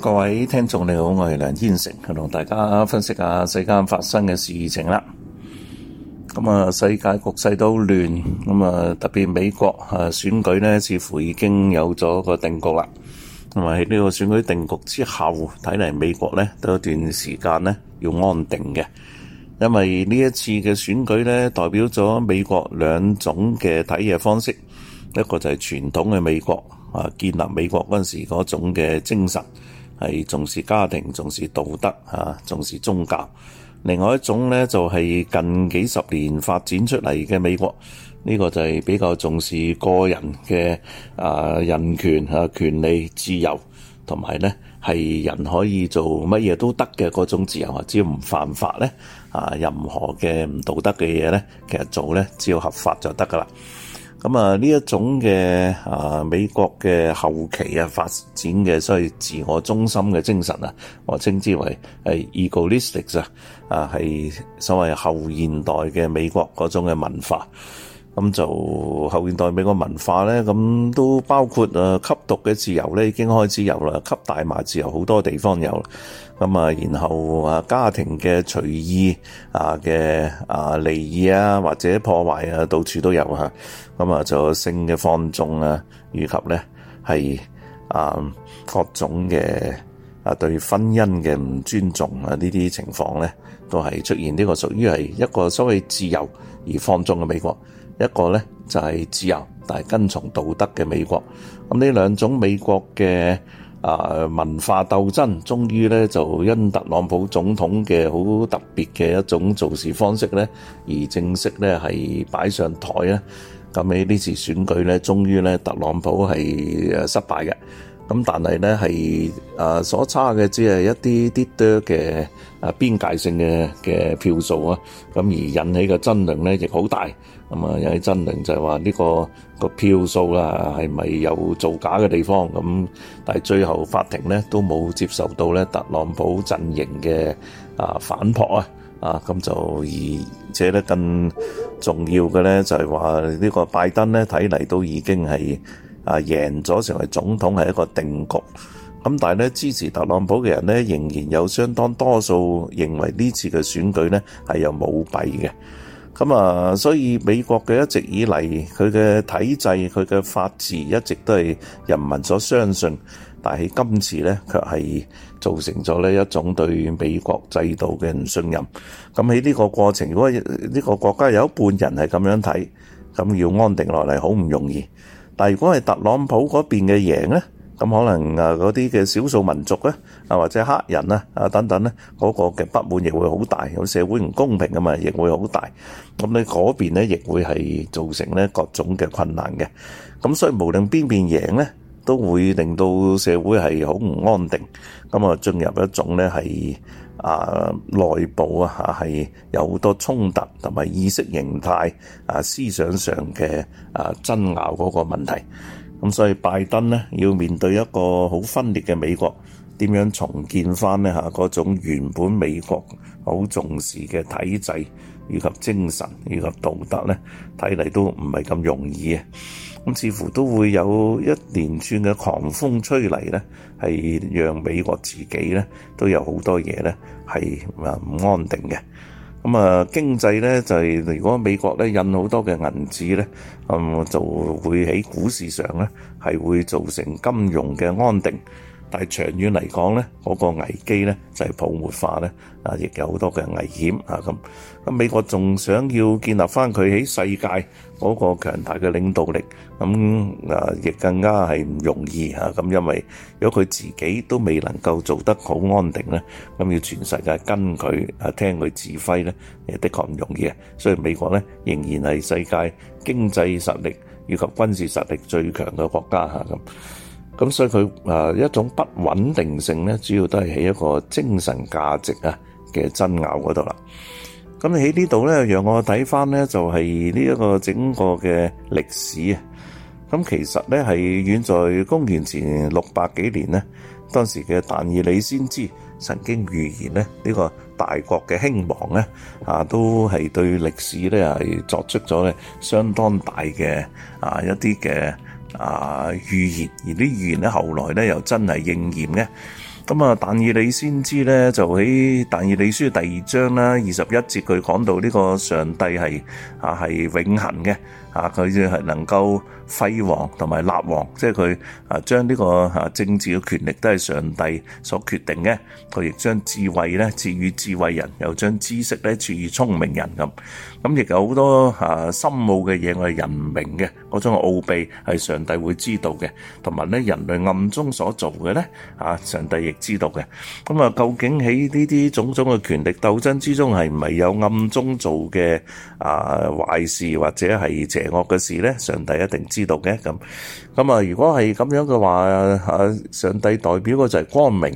各位聽眾你好，我係梁燕城，同大家分析下世間發生嘅事情啦。咁啊，世界局勢都亂，咁啊，特別美國啊選舉咧，似乎已經有咗個定局啦。同埋呢個選舉定局之後，睇嚟美國咧都有段時間咧要安定嘅，因為呢一次嘅選舉咧代表咗美國兩種嘅睇嘢方式，一個就係傳統嘅美國啊，建立美國嗰陣時嗰種嘅精神。係重視家庭、重視道德、啊、重視宗教。另外一種咧，就係、是、近幾十年發展出嚟嘅美國呢、呢個就係比較重視個人嘅，啊人權啊權利自由，同埋咧係人可以做乜嘢都得嘅嗰種自由啊。只要唔犯法咧啊，任何嘅唔道德嘅嘢咧，其實做咧只要合法就得噶啦。咁啊，呢一種嘅啊美國嘅後期啊發展嘅所謂自我中心嘅精神啊，我稱之為係 egoistic 啊，啊係所謂後現代嘅美國嗰種嘅文化。咁就後現代美國文化咧，咁都包括啊吸毒嘅自由咧，已經開始有啦，吸大麻自由好多地方有啦。咁啊，然後啊，家庭嘅隨意啊嘅啊利益啊，或者破壞啊，到處都有啊。咁啊，就有性嘅放縱啊，以及呢係啊各種嘅啊對婚姻嘅唔尊重啊，呢啲情況呢都係出現。呢個屬於係一個所謂自由而放縱嘅美國，一個呢就係自由但係跟從道德嘅美國。咁呢兩種美國嘅。啊！文化鬥爭，終於咧就因特朗普總統嘅好特別嘅一種做事方式咧，而正式咧係擺上台咧。咁喺呢次選舉咧，終於咧特朗普係誒失敗嘅。咁但係咧係誒所差嘅只係一啲啲多嘅誒邊界性嘅嘅票數啊，咁而引起嘅爭論咧亦好大。咁啊引起爭論就係話呢個個票數啦係咪有造假嘅地方咁，但係最後法庭咧都冇接受到咧特朗普陣營嘅啊反駁啊，啊咁就而且咧更重要嘅咧就係話呢個拜登咧睇嚟都已經係。啊！贏咗成為總統係一個定局咁，但係咧支持特朗普嘅人咧，仍然有相當多數認為呢次嘅選舉咧係有舞弊嘅。咁啊，所以美國嘅一直以嚟佢嘅體制、佢嘅法治一直都係人民所相信，但係今次咧卻係造成咗呢一種對美國制度嘅唔信任。咁喺呢個過程，如果呢個國家有一半人係咁樣睇，咁要安定落嚟好唔容易。但係如果係特朗普嗰邊嘅贏咧，咁可能誒嗰啲嘅少數民族咧，啊或者黑人啊，啊等等咧，嗰個嘅不滿亦會好大，有社會唔公平啊嘛，亦會好大。咁你嗰邊咧亦會係造成咧各種嘅困難嘅。咁所以無論邊邊贏咧，都會令到社會係好唔安定。咁啊進入一種咧係。啊，內部啊嚇係有好多衝突同埋意識形態啊，思想上嘅啊爭拗嗰個問題，咁所以拜登呢，要面對一個好分裂嘅美國，點樣重建翻呢？嚇嗰種原本美國好重視嘅體制以及精神以及道德呢，睇嚟都唔係咁容易啊！咁似乎都會有一連串嘅狂風吹嚟，呢係讓美國自己咧都有好多嘢咧係唔安定嘅。咁啊，經濟呢就係、是、如果美國咧印好多嘅銀紙，呢咁、嗯、就會喺股市上呢係會造成金融嘅安定。但係長遠嚟講咧，嗰個危機咧就係泡沫化咧，啊，亦有好多嘅危險啊！咁咁美國仲想要建立返佢喺世界嗰個強大嘅領導力，咁啊，亦更加係唔容易啊！咁因為如果佢自己都未能夠做得好安定咧，咁要全世界跟佢啊聽佢指揮咧，誒，的確唔容易啊！所以美國咧仍然係世界經濟實力以及軍事實力最強嘅國家嚇咁。咁所以佢誒一種不穩定性咧，主要都係喺一個精神價值啊嘅爭拗嗰度啦。咁喺呢度咧，讓我睇返咧就係呢一個整個嘅歷史啊。咁其實咧係遠在公元前六百幾年咧，當時嘅但以理先知曾經預言咧呢個大國嘅興亡咧啊，都係對歷史咧係作出咗咧相當大嘅啊一啲嘅啊預言，而啲預言咧，後來咧又真係應驗嘅。咁啊，但以理先知咧，就喺但以理書第二章啦，二十一節佢講到呢個上帝係啊係永恆嘅。啊！佢要係能夠輝煌同埋立王，即係佢啊將呢個啊政治嘅權力都係上帝所決定嘅，佢亦將智慧咧治於智慧人，又將知識咧治於聰明人咁。咁亦有好多啊深奧嘅嘢，我哋人唔明嘅，𠮶 種奧秘係上帝會知道嘅，同埋咧人類暗中所做嘅咧，啊上帝亦知道嘅。咁啊，究竟喺呢啲種種嘅權力鬥爭之中，係唔係有暗中做嘅啊壞事，或者係邪？邪惡嘅事咧，上帝一定知道嘅咁。咁啊，如果係咁樣嘅話，啊，上帝代表嘅就係光明。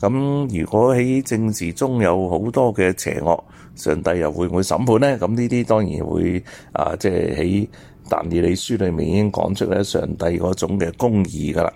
咁如果喺政治中有好多嘅邪惡，上帝又會唔會審判咧？咁呢啲當然會啊，即係喺但以理書裏面已經講出咧，上帝嗰種嘅公義噶啦。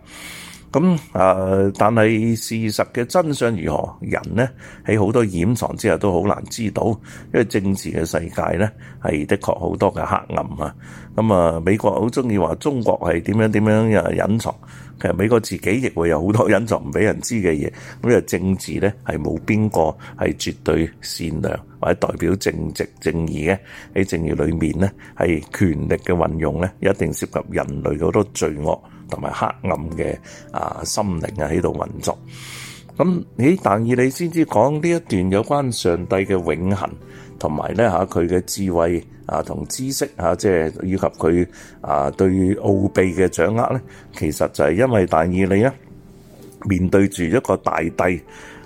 咁、嗯、誒，但係事實嘅真相如何，人呢喺好多掩藏之下都好難知道，因為政治嘅世界呢係的確好多嘅黑暗啊！咁、嗯、啊、嗯，美國好中意話中國係點樣點樣又隱藏，其實美國自己亦會有好多隱藏唔俾人知嘅嘢。咁因為政治呢係冇邊個係絕對善良或者代表正直正義嘅，喺正義裏面呢，係權力嘅運用呢，一定涉及人類好多罪惡。同埋黑暗嘅啊心靈啊喺度運作，咁咦？但以理先至講呢一段有關上帝嘅永恒，同埋咧吓佢嘅智慧啊同知識吓，即係以及佢啊對奧秘嘅掌握咧，其實就係因為但以理咧面對住一個大帝。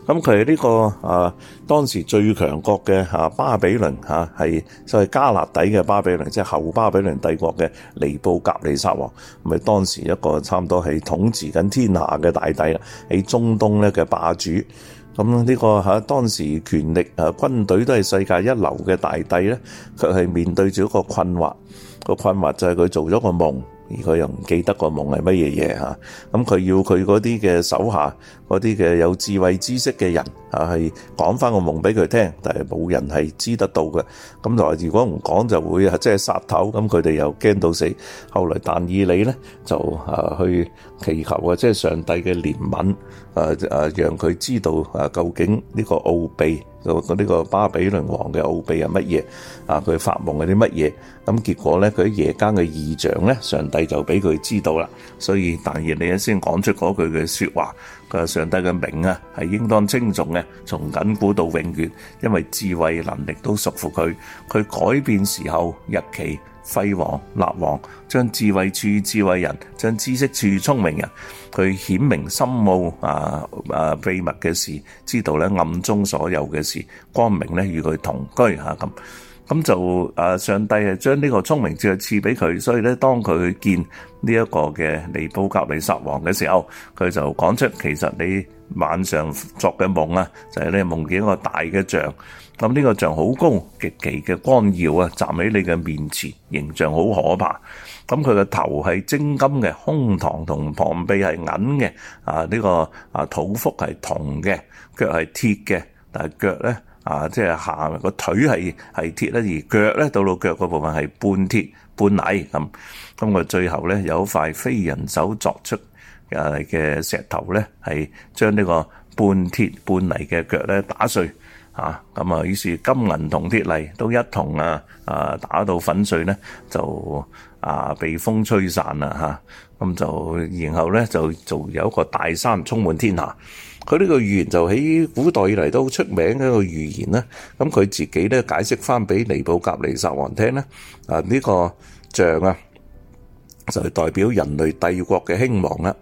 咁佢呢個啊，當時最強國嘅吓、啊、巴比倫吓係所謂加勒底嘅巴比倫，即係後巴比倫帝國嘅尼布甲尼撒王，係當時一個差唔多係統治緊天下嘅大帝啦，喺中東咧嘅霸主。咁呢、這個吓、啊、當時權力誒、啊、軍隊都係世界一流嘅大帝咧，佢係面對住一個困惑。個困惑就係佢做咗個夢。而佢又唔記得個夢係乜嘢嘢吓，咁佢要佢嗰啲嘅手下嗰啲嘅有智慧知識嘅人係去講翻個夢俾佢聽，但係冇人係知得到嘅。咁就話，如果唔講就會即係、就是、殺頭，咁佢哋又驚到死。後來但以理呢，就去祈求啊，即、就、係、是、上帝嘅憐憫，誒讓佢知道究竟呢個奧秘，嗰、這、呢個巴比倫王嘅奧秘係乜嘢？啊，佢發夢嗰啲乜嘢？咁、啊、結果咧，佢喺夜間嘅異象咧，上帝就俾佢知道啦。所以，但然你先講出嗰句嘅說話，佢話上帝嘅名啊，係應當稱頌嘅，從亙古到永遠，因為智慧能力都屬乎佢，佢改變時候日期。廢王、立王，將智慧處智慧人，將知識處聰明人，佢顯明深奧啊啊秘密嘅事，知道咧暗中所有嘅事，光明咧與佢同居吓咁，咁就誒上帝係將呢個聰明智慧係賜俾佢，所以咧當佢見呢一個嘅尼布甲尼撒王嘅時候，佢就講出其實你。晚上作嘅夢啊，就係、是、你夢見一個大嘅像，咁呢個像好高，極其嘅光耀啊，站喺你嘅面前，形象好可怕。咁佢嘅頭係精金嘅，胸膛同旁臂係銀嘅、這個，啊呢個啊肚腹係銅嘅，腳、就、係、是、鐵嘅，但係腳咧啊，即係下個腿係係鐵咧，而腳咧到到腳嗰部分係半鐵半泥咁。咁佢最後咧有一塊非人手作出嘅嘅石頭咧，係將呢個半鐵半泥嘅腳咧打碎，嚇咁啊！於是金、銀、銅、鐵、泥都一同啊啊打到粉碎咧，就啊被風吹散啦嚇，咁就然後咧就做有一個大山充滿天下。佢呢個預言就喺古代以嚟都出名嘅一個預言啦。咁佢自己咧解釋翻俾尼布甲尼撒王聽咧，啊呢個像啊～就係、是、代表人類帝國嘅興亡。啦，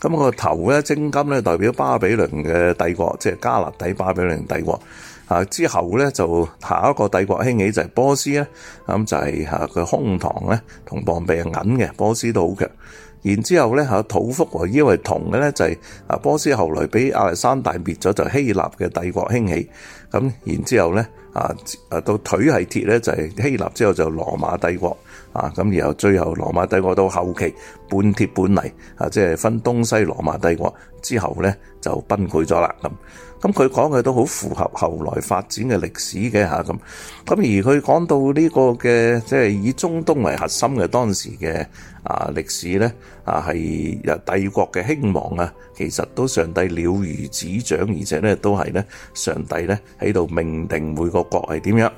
咁個頭咧精金咧代表巴比倫嘅帝國，即係加勒底巴比倫帝國。啊，之後咧就下一個帝國興起就係波斯咧，咁、嗯、就係佢個胸膛咧同膀臂係銀嘅，波斯都好強。然之後咧佢肚腹和腰係銅嘅咧就係、是、啊波斯後來俾亞歷山大滅咗就是、希臘嘅帝國興起，咁、嗯、然之後咧。啊！到腿係鐵咧，就係希臘之後就羅馬帝國啊！咁然後最後羅馬帝國到後期半鐵半泥啊，即係分東西羅馬帝國之後咧就崩潰咗啦咁。咁佢講嘅都好符合後來發展嘅歷史嘅吓咁。咁而佢講到呢個嘅即係以中東為核心嘅當時嘅啊歷史咧。啊，係帝國嘅興亡啊，其實都上帝了如指掌，而且咧都係咧上帝咧喺度命定每個國係點樣。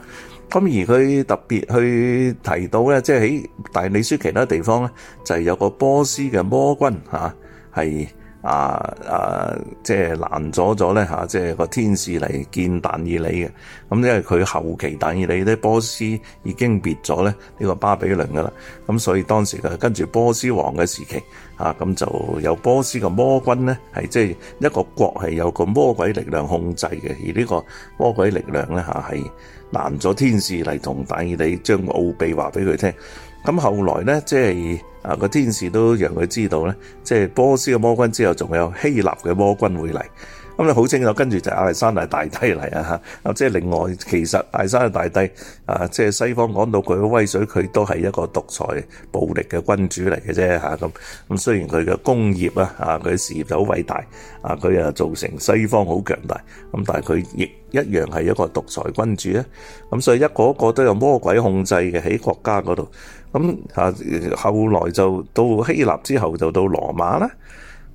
咁而佢特別去提到咧，即係喺但以理書其他地方咧，就係、是、有個波斯嘅魔君，係。啊啊，即係攔阻咗咧，啊、即係個天使嚟見但以理嘅。咁因為佢後期但以理咧，波斯已經別咗咧呢個巴比倫㗎喇。咁所以當時佢跟住波斯王嘅時期。啊，咁就有波斯嘅魔君呢係即係一個國係有個魔鬼力量控制嘅，而呢個魔鬼力量呢，嚇係攔咗天使嚟同但以理將奧秘話俾佢聽。咁、啊、後來呢，即、就、係、是、啊個天使都讓佢知道呢，即係波斯嘅魔君之後仲有希臘嘅魔君會嚟。咁你好清楚，跟住就亞歷山大大帝嚟啊！嚇，啊即係另外，其實亞歷山大大帝啊，即係西方講到佢威水，佢都係一個獨裁暴力嘅君主嚟嘅啫嚇。咁咁雖然佢嘅功業啊，佢事業就好偉大，啊佢啊造成西方好強大，咁、啊、但係佢亦一樣係一個獨裁君主咧。咁、啊、所以一個一個都有魔鬼控制嘅喺國家嗰度。咁啊，啊，後來就到希臘之後，就到羅馬啦。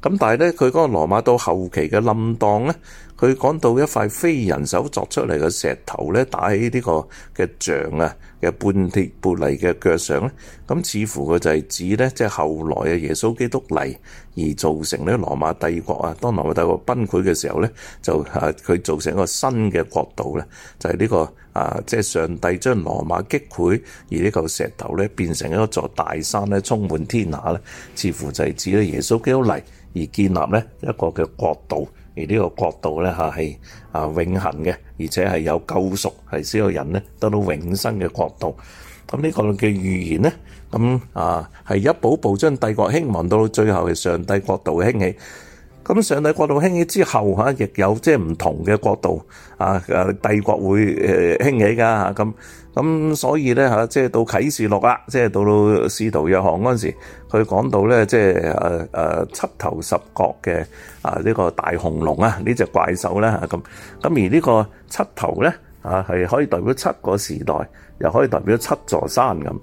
咁但係咧，佢嗰個羅馬到後期嘅冧檔咧，佢講到一塊非人手作出嚟嘅石頭咧，打喺呢個嘅像啊嘅半鐵半泥嘅腳上咧，咁似乎佢就係指咧，即係後來嘅耶穌基督嚟而造成咧羅馬帝國啊。當羅馬帝國崩潰嘅時候咧，就啊佢造成一個新嘅國度咧，就係呢個啊即係上帝將羅馬擊潰，而呢嚿石頭咧變成一座大山咧，充滿天下咧，似乎就係指咧耶穌基督嚟。而建立咧一個嘅國度，而呢個國度咧嚇係啊永恆嘅，而且係有救贖，係先有人咧得到永生嘅國度。咁呢個嘅預言咧，咁啊係一步步將帝國興亡到最後嘅上帝國度嘅興起。咁上帝國度興起之後亦有即係唔同嘅國度啊，帝國會誒興起㗎，咁，咁所以咧即係到啟示錄啦，即係到到使徒約翰嗰陣時，佢講到咧，即係誒七頭十角嘅啊呢個大紅龍啊呢隻怪獸呢。咁，咁而呢個七頭咧啊係可以代表七個時代，又可以代表七座山咁。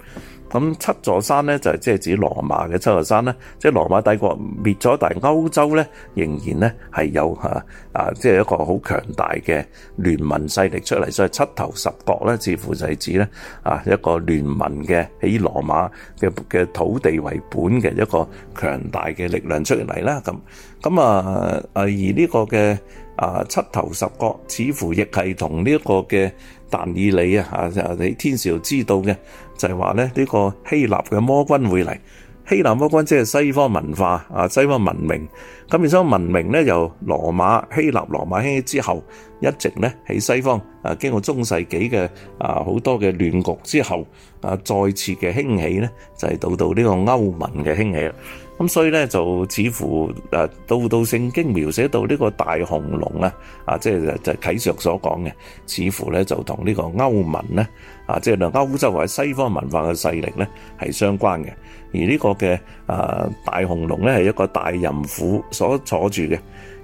咁七座山咧就係即係指羅馬嘅七座山咧，即係羅馬帝國滅咗，但係歐洲咧仍然咧係有嚇啊，即係一個好強大嘅聯盟勢力出嚟，所以七頭十角咧似乎就係指咧啊一個聯盟嘅以羅馬嘅嘅土地為本嘅一個強大嘅力量出嚟啦。咁咁啊啊而呢個嘅啊七頭十角似乎亦係同呢一個嘅。但以理啊，啊，你天使知道嘅就係話咧，呢個希臘嘅魔君會嚟。希臘魔君即係西方文化啊，西方文明。咁變咗文明咧，由羅馬希臘羅馬興起之後，一直咧喺西方啊，經過中世紀嘅啊好多嘅亂局之後啊，再次嘅興起咧，就係到到呢個歐盟嘅興起。咁所以咧就似乎誒、啊、到到聖經描寫到呢個大紅龍啊即係就是、啟示所講嘅，似乎咧就同呢個歐盟咧，啊即係啦歐洲或者西方文化嘅勢力咧係相關嘅，而呢個嘅誒、啊、大紅龍咧係一個大淫婦所坐住嘅。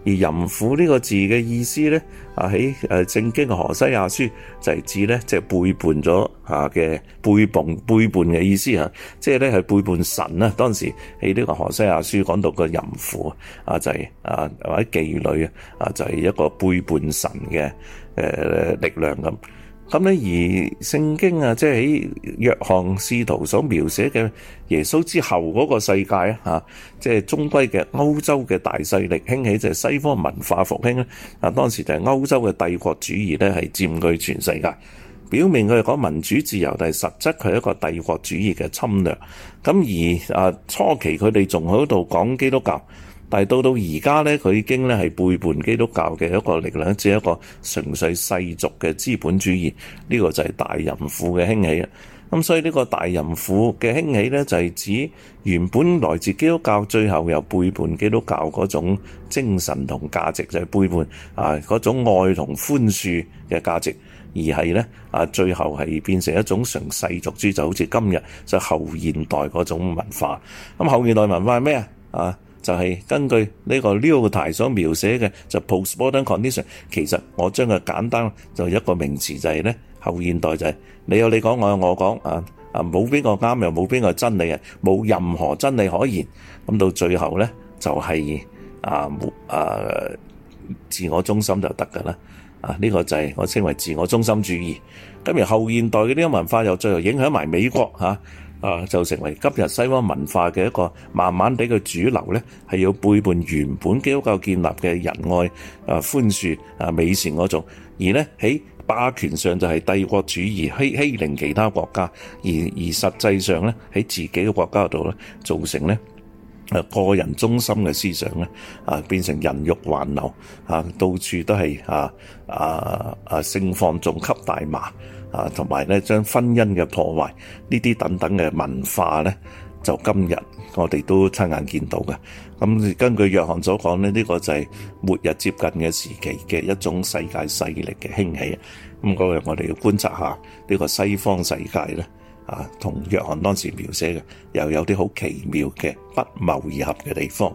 而淫婦呢個字嘅意思咧，啊喺誒正經嘅何西亞書就係指咧，即係背叛咗啊嘅背叛背叛嘅意思啊，即係咧係背叛神啊！當時喺呢個何西亞書講到個淫婦啊，就係啊或者妓女啊，就係一個背叛神嘅誒力量咁。咁咧，而聖經啊，即係喺約翰使徒所描寫嘅耶穌之後嗰個世界啊，嚇，即係終歸嘅歐洲嘅大勢力興起就係西方文化復興啊，當時就係歐洲嘅帝國主義咧，係佔據全世界。表面佢係講民主自由，但係實質佢係一個帝國主義嘅侵略。咁而啊，初期佢哋仲喺度講基督教。但係到到而家咧，佢已經咧係背叛基督教嘅一個力量，即係一個純粹世俗嘅資本主義。呢、這個就係大淫婦嘅興起啦。咁所以呢個大淫婦嘅興起咧，就係指原本來自基督教，最後又背叛基督教嗰種精神同價值，就係、是、背叛啊嗰種愛同寬恕嘅價值，而係咧啊，最後係變成一種純世俗主義，就好似今日就是、後現代嗰種文化。咁後現代文化係咩啊？啊！就係、是、根據呢個 Lyotard 所描寫嘅就 postmodern condition，其實我將佢簡單就一個名詞就係、是、咧後現代就係、是、你有你講，我有我講，啊啊冇邊個啱又冇邊個真理冇任何真理可言。咁、嗯、到最後咧就係、是、啊啊自我中心就得㗎啦。啊呢、這個就係、是、我稱為自我中心主義。咁而後,後現代嘅呢個文化又最後影響埋美國嚇。啊啊，就成為今日西方文化嘅一個慢慢地嘅主流咧，係要背叛原本基督教建立嘅仁愛、啊寬恕、啊美善嗰種，而咧喺霸權上就係帝國主義欺欺凌其他國家，而而實際上咧喺自己嘅國家度咧造成咧。誒個人中心嘅思想咧，啊變成人欲橫流，啊到處都係啊啊啊性放縱、吸大麻，啊同埋咧將婚姻嘅破壞呢啲等等嘅文化咧，就今日我哋都親眼見到嘅。咁根據約翰所講咧，呢、這個就係末日接近嘅時期嘅一種世界勢力嘅興起。咁各位我哋要觀察下呢個西方世界咧。啊，同約翰當時描寫嘅又有啲好奇妙嘅不謀而合嘅地方。